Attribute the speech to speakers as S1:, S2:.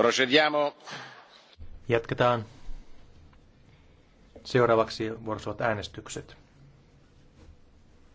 S1: Procediamo.
S2: Jatketaan.
S3: Seuraavaksi vuorossa äänestykset.